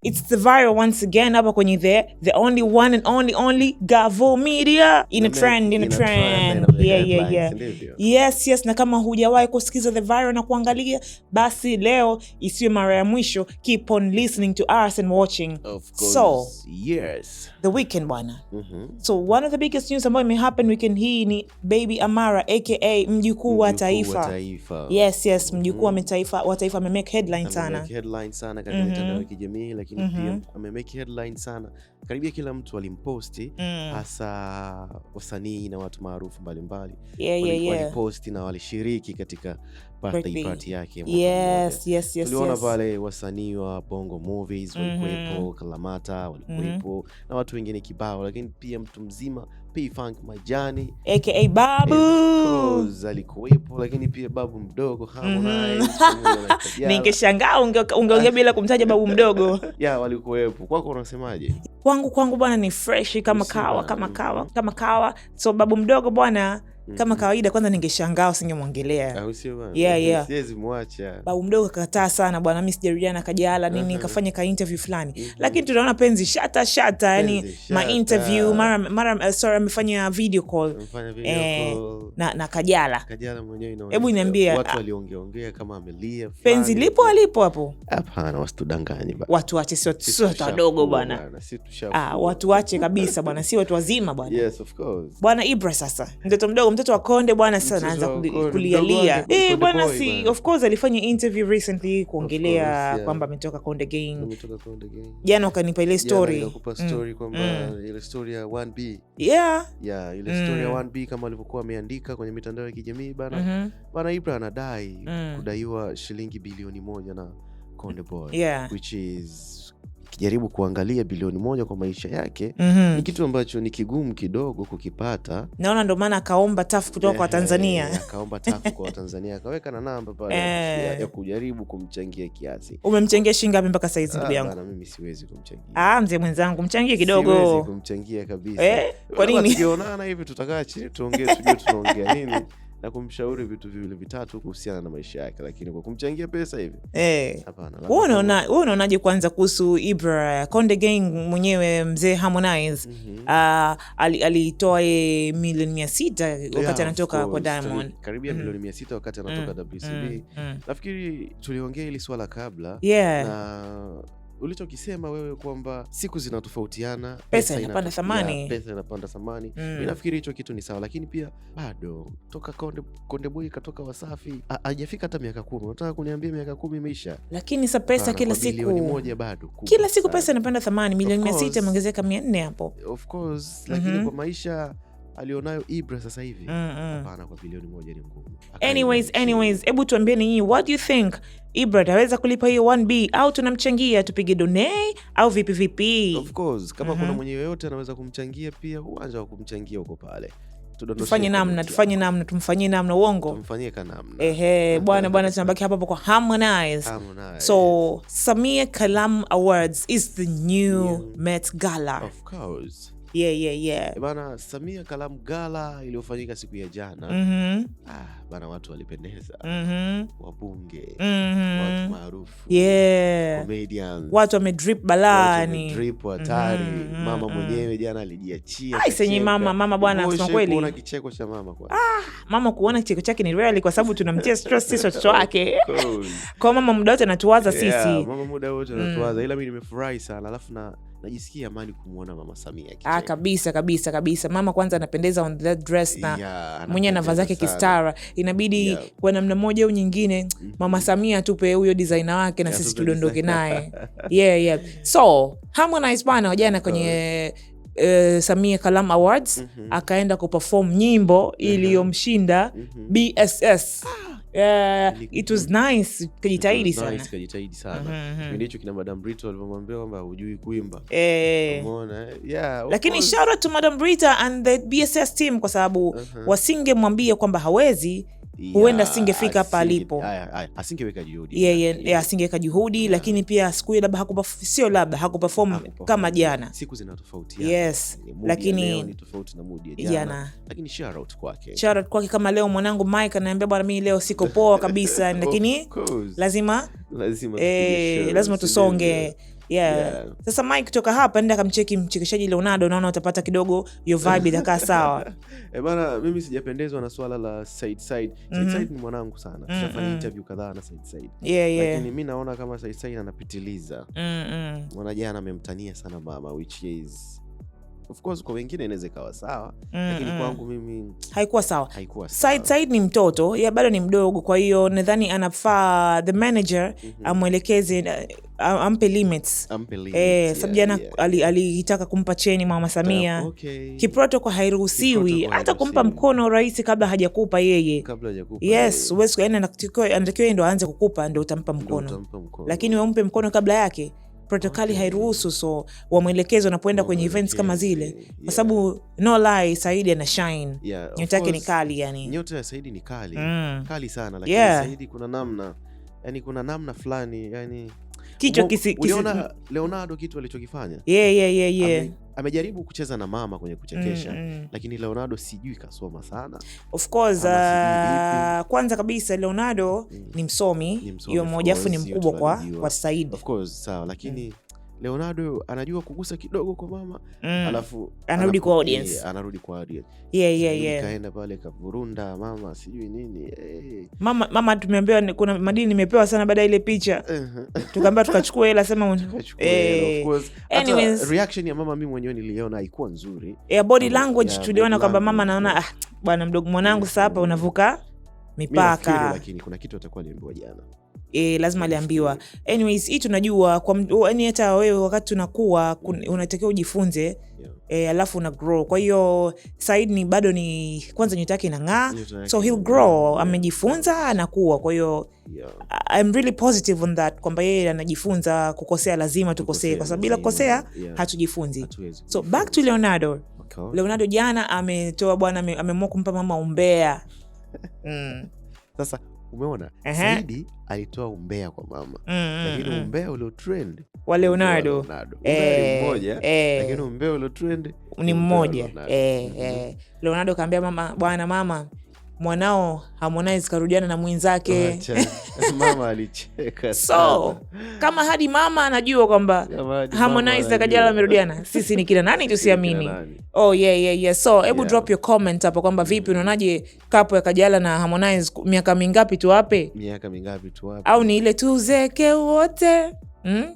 It's the viral once again hapa kwenye the the only one and only only Gavo Media in a trend in a trend yeah, yeah, yeah. Yes, yes. Na kama hujawahi kusikiza The Viral na kuangalia, basi leo isiwe mara ya mwisho. Keep on listening to us and watching. Of course. So, yes. The weekend bwana. Mm -hmm. So one of the biggest news ambayo imehappen weekend hii ni Baby Amara aka mjukuu wa taifa. Yes, yes, mm-hmm. mjukuu wa mm -hmm. taifa wa taifa amemake headline sana. make headline sana katika mm-hmm. mitandao mm -hmm. ya kijamii lakini mm -hmm. pia ame make headline sana. Karibia kila mtu alimposti mm. hasa wasanii na watu maarufu mbali mbalimbali yeah, yeah, yeah. Waliposti na walishiriki katika birthday party yake yes, yes, yes, tuliona yes. Pale wasanii wa Bongo Movies walikuwepo, mm -hmm. Kalamata walikuwepo mm -hmm. na watu wengine kibao, lakini pia mtu mzima P Funk Majani aka Babu alikuwepo, lakini pia babu mdogo Harmonize. Mhm. Ningeshangaa ungeongea bila kumtaja babu mdogo ya walikuwepo. Kwako unasemaje? Kwangu kwangu bwana ni fresh kama kawa kama mm. kawa kama kawa, so babu mdogo bwana kama mm-hmm. kawaida. Kwanza ningeshangaa usingemwongelea, ah, yeah, yaani yeah. babu mdogo, akakataa sana bwana, mi sijarijana kajala nini uh -huh. kafanya ka interview fulani uh mm-hmm. -huh. lakini tunaona penzi shata shata, yani ma mara mara, eh, sorry, amefanya video call eh, na, na kajala Hebu niambie, penzi lipo alipo hapo? Hapana, wasitudanganye watu wache, si watu wadogo bwana, ah, watu wache kabisa bwana, si watu wazima bwana. Yes, bwana Ibra, sasa mtoto mdogo mtoto wa Konde bwana, sasa anaanza kulialia eh bwana, si of course alifanya interview recently kuongelea yeah, kwamba ametoka Konde Gang jana, wakanipa ile story mm. mm. ile story ya 1B yeah yeah, ile story ya 1B mm. kama alivyokuwa ameandika kwenye mitandao ya kijamii bana, mm -hmm. bana Ibra anadai mm. kudaiwa shilingi bilioni moja na Konde Boy yeah. which is akijaribu kuangalia bilioni moja kwa maisha yake mm -hmm. Ni kitu ambacho ni kigumu kidogo kukipata, naona ndio maana akaomba tafu kutoka kwa Watanzania, akaomba tafu kwa Watanzania akaweka na namba pale ya kujaribu kumchangia kiasi. Umemchangia shilingi ngapi mpaka saizi ndugu ah, yangu? Mimi siwezi kumchangia. Ah, mzee mwenzangu mchangie kidogo. Siwezi kumchangia kabisa. Eh, kwa nini? Tukionana hivi tutakaa chini tuongee, tujue tunaongea nini na kumshauri vitu viwili vitatu kuhusiana na maisha yake, lakini kwa kumchangia pesa hivi eh, hapana. Wewe unaonaje kwanza kuhusu Ibra Konde Gang mwenyewe mzee Harmonize? mm -hmm. Uh, alitoa ali mhm. milioni mia sita wakati anatoka kwa Diamond karibia mm -hmm. milioni mia sita wakati anatoka WCB. mm -hmm. Nafikiri tuliongea hili swala kabla yeah. na ulichokisema wewe kwamba siku zinatofautiana, pesa inapanda thamani, pesa inapanda thamani. Mm. Nafikiri hicho kitu ni sawa, lakini pia bado toka Konde, Konde Boy katoka Wasafi hajafika hata miaka kumi. Unataka kuniambia miaka kumi imeisha? Lakini sa pesa kila siku milioni moja bado kila siku pesa inapanda thamani, milioni mia sita imeongezeka mia nne hapo of course, lakini mm -hmm. kwa maisha alionayo Ibra sasa hivi mm, mm. hapana, kwa bilioni moja ni ngumu. Anyways, anyways, hebu tuambieni nyinyi, what do you think Ibra ataweza kulipa hiyo 1B au tunamchangia tupige donei au vipi vipi? Of course, kama kuna mhm. mwenye yoyote anaweza kumchangia pia, uwanja wa kumchangia huko pale tufanye namna tufanye namna tumfanyie namna uongo tumfanyie namna. Ehe bwana bwana, tunabaki hapa kwa Harmonize. Harmonize. So Samia Kalam Awards is the new, new Met Gala. Of course yeah, yeah, yeah. Eh, bana Samia Kalamu Gala iliyofanyika siku ya jana mm -hmm. ah, bana watu walipendeza mm -hmm. wabunge mm -hmm. watu maarufu yeah. comedians watu wamedrip balani drip hatari mm -hmm. mama mm-hmm. mwenyewe jana alijiachia senye mama mama bwana kusema kweli kuona kicheko cha mama kwa ah, mama kuona kicheko chake ni rarely kwa sababu tunamtia stress sisi watoto wake kwa mama muda wote anatuwaza yeah, mama muda wote anatuwaza mm. ila mimi nimefurahi sana alafu na najisikia amani kumwona Mama Samia ah, kabisa kabisa kabisa. Mama kwanza anapendeza on that dress na yeah, mwenyewe anavaa zake kistara, inabidi yeah. kwa namna moja au nyingine mm-hmm. Mama Samia atupe huyo designer wake na yeah, sisi tudondoke naye yeah, yeah. So Harmonize bana wajana kwenye oh. Uh, Samia Kalam Awards mm -hmm. akaenda kuperform nyimbo mm-hmm. iliyomshinda mm -hmm. BSS ah. Uh, it was nice, kajitahidi sana nice, sana uh-huh, uh-huh. kipindi hicho kina Madam Brito alivyomwambia kwamba hujui kuimba eh. Eh? lakini shout to Madam Brita and the BSS team kwa sababu uh -huh. wasingemwambia kwamba hawezi huenda asingefika hapa alipo, asingeweka juhudi, yeye asingeweka juhudi, yeah. lakini pia siku hiyo labda hakupa, sio labda hakuperform kama jana. Siku zina tofauti yes, lakini ni tofauti na mood ya jana, lakini shout out kwake, shout out kwake. Kama leo mwanangu Mike ananiambia bwana, mimi leo siko poa kabisa, lakini lazima lazima, eh, lazima tusonge yeah. yeah. Sasa Mike, kutoka hapa nenda kamcheki mchekeshaji Leonardo, naona utapata kidogo hiyo vibe itakaa sawa. E bana, mimi sijapendezwa na swala la Said Said. Said mm -hmm. Said ni mwanangu sana, mm -hmm. interview kadhaa na Said Said yeah, yeah. Lakini mi naona kama Said Said anapitiliza mm -hmm. mwanajana amemtania sana mama which is Of course kwa wengine inaweza ikawa sawa mm -mm. Lakini kwangu mimi haikuwa sawa, haikuwa sawa. Said, Said ni mtoto ya bado ni mdogo, kwa hiyo nadhani anafaa the manager mm -hmm. amwelekeze ampe limits, ampe limits. Eh, alitaka kumpa cheni Mama Samia ah, kiproto kwa hairuhusiwi hata kumpa mkono rahisi kabla hajakupa yeye, yes, huwezi yaani ndo aanze kukupa ndo utampa mkono, lakini wampe mkono kabla yake protokali okay. hairuhusu so wamwelekezi wanapoenda no, kwenye events okay. kama zile yeah. kwa sababu no li Saidi ana shin yeah, nyota yake ni kali yani. Nyota ya Saidi ni kali mm. kali sana lakini yeah. Saidi kuna namna yani, kuna namna fulani yani kichwa kisi, kisi. Uliona hmm. Leonardo kitu alichokifanya? yeah, yeah, yeah, yeah. Ame, amejaribu kucheza na mama kwenye kuchekesha mm, mm. Lakini Leonardo sijui kasoma sana of course. Uh, kwanza kabisa Leonardo mm. ni msomi, hiyo moja afu ni mkubwa kwa, kwa Said of course sawa, lakini mm. Leonardo anajua kugusa kidogo kwa mama mm. Alafu anarudi kwa audience yeah, anarudi kwa audience yeah, yeah, yeah. Kaenda pale kavurunda mama sijui nini hey. Eh. Mama, mama tumeambiwa kuna madini nimepewa sana baada ya ile picha uh-huh. tukaambiwa tukachukua hela sema hey. of eh. course anyways, Ata Reaction ya mama mimi mwenyewe niliona haikuwa nzuri yeah, body language yeah, tuliona kwamba mama anaona ah, bwana mdogo mwanangu yeah, sasa hapa unavuka mipaka, lakini kuna kitu atakuwa aliambiwa jana E, lazima aliambiwa. Anyways, hii tunajua kwa yani, hata wewe wakati tunakuwa unatakiwa ujifunze yeah. e, alafu una grow. Kwa hiyo Said ni bado ni kwanza nyota yake inang'aa, so he'll grow, yeah. amejifunza anakuwa. Kwa hiyo yeah. I'm really positive on that kwamba yeye anajifunza. Kukosea lazima tukosee, kwa sababu bila kukosea yeah. hatujifunzi. So back to Leonardo. okay. Leonardo jana ametoa bwana, ameamua kumpa mama umbea mm. Sasa Umeona, Saidi alitoa umbea kwa mama mm, hmm lakini umbea ulio trend wa Leonardo eh, mmoja eh. lakini umbea ulio trend ni mmoja eh, mhm. Leonardo kaambia mama, bwana mama mwanao Harmonize karudiana na mwenzake mama alicheka. So kama hadi mama anajua kwamba Harmonize na Kajala wamerudiana, sisi ni kina nani tusiamini? Oh, yeah, yeah, yeah. So hebu yeah, drop your comment hapo kwamba vipi, unaonaje kapo ya Kajala na Harmonize, miaka mingapi tuwape? Miaka mingapi tuwape, au ni ile tuzeke wote Hmm?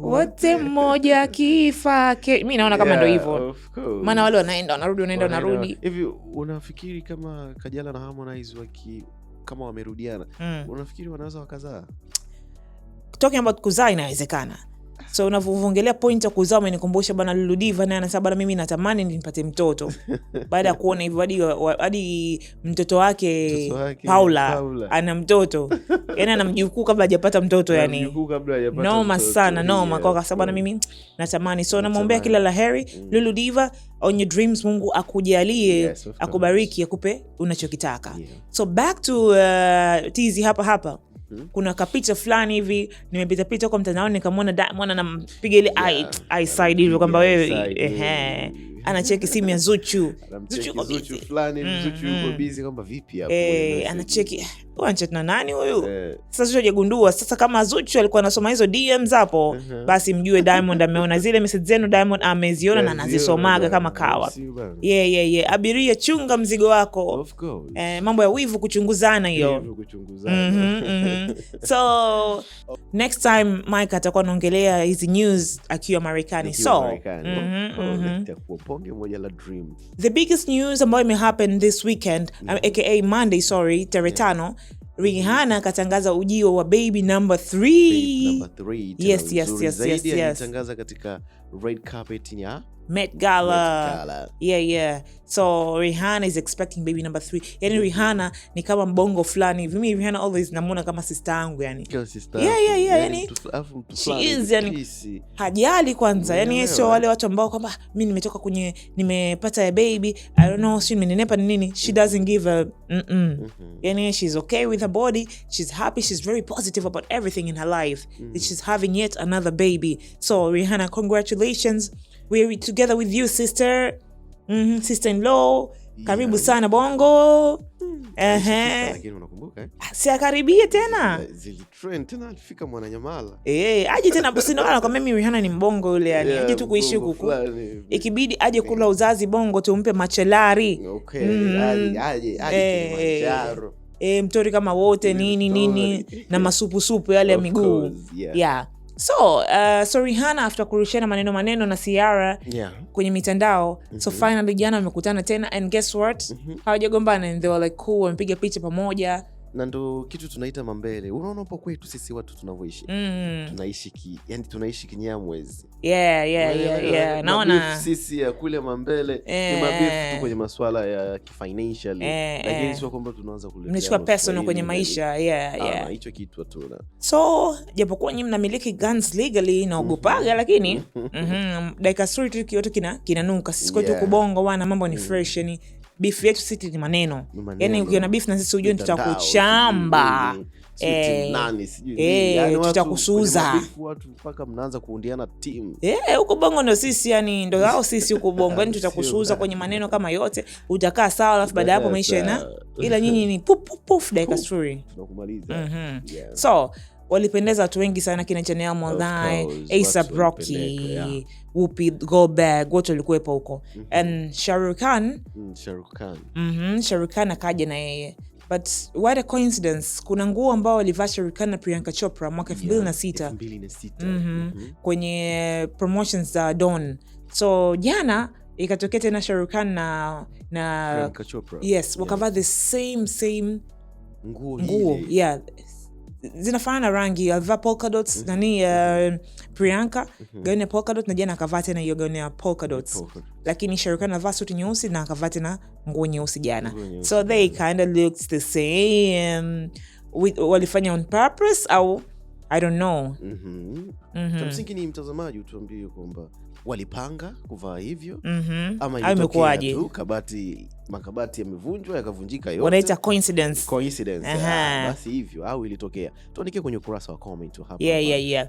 wote mmoja kifa ke... mi naona kama yeah, ndo hivo maana wale wanaenda wanarudi wanaenda wanarudi hivi. Unafikiri kama Kajala na Harmonize waki kama wamerudiana mm, unafikiri wanaweza wakazaa? Talking about kuzaa inawezekana so unavyoongelea point ya kuzaa umenikumbusha bana Lulu Diva, naye anasema bana, mimi natamani nipate mtoto baada ya kuona hivyo hadi hadi mtoto wake Paula, Paula ana mtoto yani ana mjukuu kabla hajapata mtoto yani noma sana noma, kwa sababu bana mimi natamani so namwombea kila la heri mm. Lulu Diva on your dreams, Mungu akujalie, yes, akubariki, akupe unachokitaka yeah. So back to uh, tizi hapa hapa Hmm? Kuna kapicha fulani hivi nimepitapita huko mtandaoni nikamwona Diamond anampiga ile yeah, side hivyo kwamba wewe ehe anacheki simu ya Zuchu, Zuchu fulani, Zuchu yuko bizi mm, mm. kwamba vipi hapo, eh, anacheki anachatana nani huyu eh. Sasa Zuchu hajagundua. Sasa kama Zuchu alikuwa anasoma hizo DMs hapo uh -huh. Basi mjue Diamond ameona zile message zenu, Diamond ameziona na anazisomaga kama eh, kawa ye yeah, yeah, yeah. Abiria chunga mzigo wako eh, mambo ya wivu kuchunguzana hiyo mm -hmm, mm -hmm. So next time Mike atakuwa anaongelea hizi news akiwa Marekani so mhm, oh, mhm bonge moja la dream. The biggest news ambayo imehappen this weekend mm -hmm. aka Monday sorry, tarehe tano yeah. Mm-hmm. Rihanna akatangaza ujio wa baby number 3. Baby number 3. Yes, yes, yes, yes, yes. Alitangaza katika red carpet in yeah Met Gala. Met Gala. Yeah, yeah. So Rihanna is expecting baby number three. Yani Rihanna ni kama mbongo flani. Vimi Rihanna always namuona kama sister angu yani. Kama sister. Yeah, yeah, yeah. Yani she is yani hajali kwanza. Yani yeye sio wale watu ambao kwamba ah, mimi nimetoka kwenye nimepata ya baby, I don't know, sio nimenenepa ni nini. She mm-hmm. doesn't give a mm -mm. Yani she's okay with her body. She's happy. She's very positive about everything in her life. Mm. She's having yet another baby. So Rihanna congratulations Revelations. We're together with you sister. Mm -hmm, sister in law yeah. karibu sana bongo hmm. siakaribie eh? ah, tena eh, aje tena sinakwambia mi Rihanna ni mbongo yule yani yeah, aje tu kuishi huku ikibidi aje eh. kula uzazi bongo tumpe machelari okay. mm. aje, aje, aje eh, eh, mtori kama wote nini nini na masupusupu yale ya miguu yeah. yeah So, uh, so Rihanna kurushana maneno maneno na siara yeah. kwenye mitandao mm -hmm. so mm-hmm. finally jana wamekutana tena and guess what? Mm -hmm. Hawajagombana and they were like cool, wamepiga picha pamoja na ndo kitu tunaita mambele. Unaona po kwetu sisi watu tunavyoishi mm. tunaishi tunaishi kinyamwezi sisi ya kule mambele yeah. mabifu tu kwenye maswala ya kifinancial yeah, eh. lakini sio kwamba tunaanza kule mnachukua kwenye maisha hicho kitu hatuna. So japokuwa nyi mnamiliki guns legally naogopaga mm-hmm. lakini mm -hmm. dakika story tu kioto kina kinanuka sisi kwetu yeah. kubongo wana mambo ni mm. fresh yani bifu yetu siti ni maneno, yani ukiona bifu na sisi ujue tutakuchamba eh. eh, yaani tutakusuza eh, huko bongo, ndo sisi yani, ndo ao sisi huko bongo yani tutakusuza kwenye maneno kama yote, utakaa sawa, alafu baada ya hapo maisha na, ila nyinyi ni pupupuf puf dakika mhm. so walipendeza watu wengi sana kina Janelle Monae, ASAP Rocky, Whoopi Goldberg wote walikuwepo huko mm-hmm. mm -hmm. and mm, -hmm, akaja na yeye but what a coincidence, kuna nguo ambao walivaa sharikan na prianka Chopra mwaka elfu mbili na sita mm-hmm. Mm-hmm. kwenye eh, promotion za Don. So jana ikatokea tena sharukan na, na yes, wakavaa yeah. the same same nguo, nguo. yeah zinafanana na rangi alivaa polka mm -hmm. nani uh, eh, mhm. prianka mm -hmm. gauni ya polka dot na jana akavaa tena hiyo gauni ya polka dots Polka. lakini Shahrukh Khan suti nyeusi na akavaa tena nguo nyeusi jana so they kind of looked the same with, walifanya on purpose au I don't know mm -hmm. mm -hmm. Cha msingi ni mtazamaji utuambie kwamba walipanga kuvaa hivyo mm -hmm. Ama kabati, makabati yamevunjwa yakavunjika yote, wanaita coincidence hivyo au ilitokea, tuandikie kwenye ukurasa wa comment hapa. Yeah, yeah, yeah.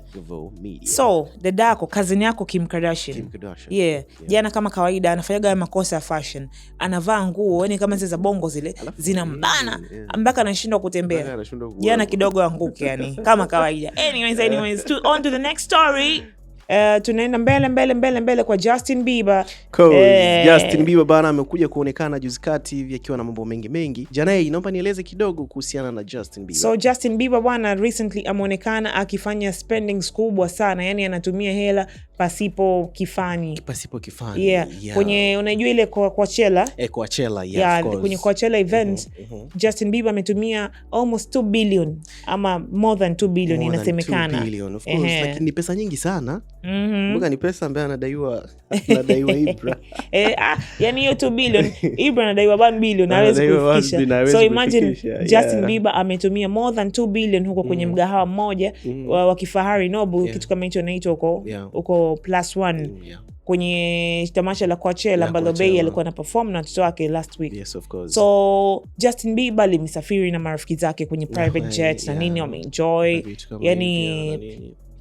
So dada yako kazini yako Kim Kardashian, Kim Kardashian. Yeah. Jana kama kawaida anafanyaga makosa ya fashion, anavaa nguo ni kama zile za bongo zile zinambana mpaka anashindwa kutembea. Jana kidogo anguke yani kama kawaida. Anyways, anyways, to, on to the next story. Eh, tunaenda mbele mbele mbele mbele kwa Justin Bieber. Eh. Justin Bieber bana amekuja kuonekana juzi kati hivi akiwa na mambo mengi mengi. Janai, naomba nieleze kidogo kuhusiana na Justin Bieber. So Justin Bieber bwana recently ameonekana akifanya spendings kubwa sana, yani anatumia hela pasipo kifani, pasipo kifani. Yeah. Yeah. Kwenye unajua ile kwa Coachella, eh, Coachella, yeah, yeah, of course. Kwenye Coachella mm-hmm, event mm -hmm. mm -hmm. Justin Bieber ametumia almost 2 billion ama more than 2 billion inasemekana, lakini ni pesa nyingi sana mm -hmm. Mbona Ni pesa ambayo anadaiwa anadaiwa Ibra eh, ah, yani hiyo 2 billion Ibra anadaiwa 1 billion hawezi kufikisha, so imagine Justin yeah. Bieber ametumia more than 2 billion huko kwenye mm -hmm. mgahawa mmoja mm -hmm. wa kifahari Nobu yeah. Kitu kama hicho naitwa huko huko plus one yeah kwenye tamasha la Coachella ambalo bei alikuwa na perform na watoto wake last week. Yes, of So Justin bibe alimsafiri na marafiki zake kwenye private jet na nini, wameenjoy yani,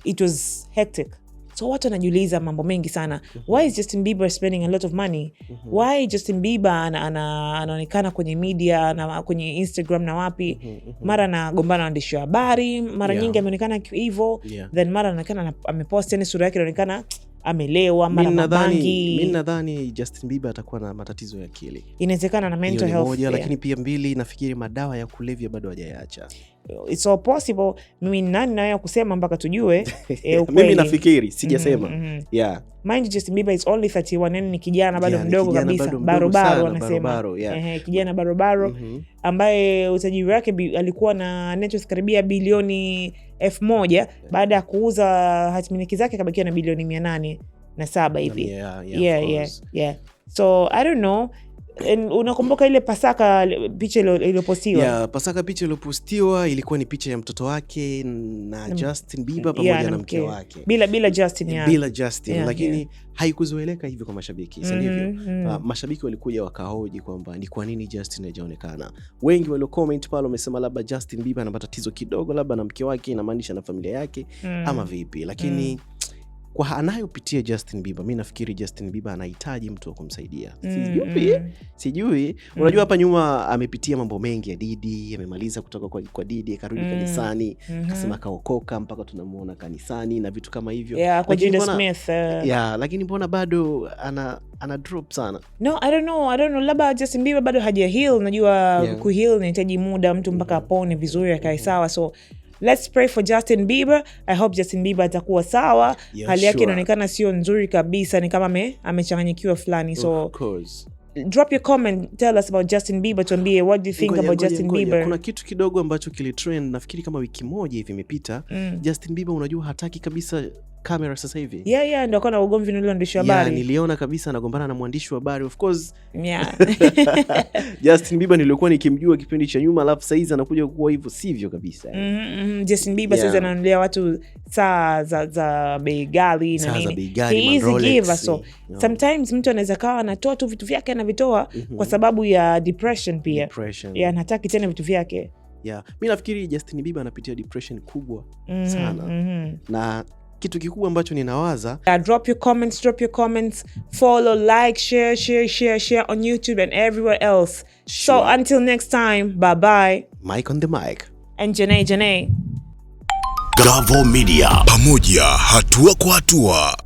it was hectic so watu wanajiuliza mambo mengi sana mhm. why is Justin Bieber spending a lot of money mhm. why Justin Bieber anaonekana ana, ana, kwenye media na kwenye Instagram na wapi mhm, mara anagombana na waandishi wa habari mara yeah. nyingi ameonekana hivo yeah. then mara anaonekana amepost, yani sura yake inaonekana amelewa mara nadhani Justin Bieber atakuwa na matatizo ya akili, inawezekana na mental health moja, lakini pia mbili, nafikiri madawa ya kulevya bado hajayaacha. Uh, it's all possible. Mimi nani nayo wewe kusema mpaka tujue e, mimi nafikiri sijasema. mm -hmm. yeah. Mind just Bieber is only 31, yani ni kijana bado mdogo kabisa, barobaro anasema kijana barobaro mm-hmm. ambaye utajiri wake alikuwa na net karibia bilioni elfu moja baada ya kuuza hatimiliki zake akabakiwa na bilioni mia nane na saba hivi. yeah, yeah, yeah, yeah, yeah. So I don't know unakumbuka ile Pasaka picha iliyopostiwa? Yeah, Pasaka picha iliyopostiwa ilikuwa ni picha ya mtoto wake na mm. Justin Bieber pamoja yeah, na mke wake bila bila Justin yeah. bila Justin yeah, lakini yeah. haikuzoeleka hivyo kwa mashabiki mm mm Uh, mashabiki walikuja wakahoji kwamba ni kwa nini Justin hajaonekana. Wengi walio comment pale wamesema labda Justin Bieber ana matatizo kidogo, labda na mke wake, inamaanisha na familia yake mm ama vipi, lakini mm kwa anayopitia Justin Bieber, mi nafikiri Justin Bieber anahitaji mtu wa kumsaidia. Mm. Sijui, sijui. Mm. Unajua, hapa nyuma amepitia mambo mengi ya Didi, amemaliza kutoka kwa, kwa Didi akarudi mm. kanisani mm -hmm. Kasema kaokoka mpaka tunamuona kanisani na vitu kama hivyo yeah, lakini mbona Smith, uh... yeah, lakini mbona bado ana ana drop sana. No, I don't know, I don't know. Labda Justin Bieber bado haja heal. yeah. inahitaji muda mtu mpaka mm-hmm. apone vizuri akae mm-hmm. sawa so Let's pray for Justin Bieber. I hope Justin Bieber atakuwa sawa. Yeah, hali yake sure, inaonekana sio nzuri kabisa, ni kama amechanganyikiwa fulani, so drop your comment, tell us about Justin Bieber. Tuambie what do you think about Justin Bieber. Kuna kitu kidogo ambacho kilitrend nafikiri kama wiki moja hivi imepita. Mm. Justin Bieber unajua hataki kabisa kamera sasa hivi. Yeah, yeah, ndo akawa na ugomvi na mwandishi wa habari. Yeah, niliona kabisa anagombana na mwandishi wa habari. Of course. Yeah. Justin Bieber niliokuwa nikimjua kipindi cha nyuma, alafu sahizi anakuja kuwa hivyo sivyo kabisa. Mm -hmm. Justin Bieber yeah. Saizi ananunulia watu saa za za bei ghali na nini. so no. Sometimes mtu anaweza kawa anatoa tu vitu vyake anavitoa mm -hmm. kwa sababu ya depression pia. Depression. Yeah, anataka tena vitu vyake. Yeah. Mi nafikiri Justin Bieber anapitia depression kubwa mm -hmm. sana mm -hmm. na kitu kikubwa ambacho ninawaza yeah, drop your comments, drop your comments, follow, like, share, share, share, share on YouTube and everywhere else. Sure. So until next time, bye bye. Mike on the mic. And Janae Janae. Gavo Media. Pamoja hatua kwa hatua.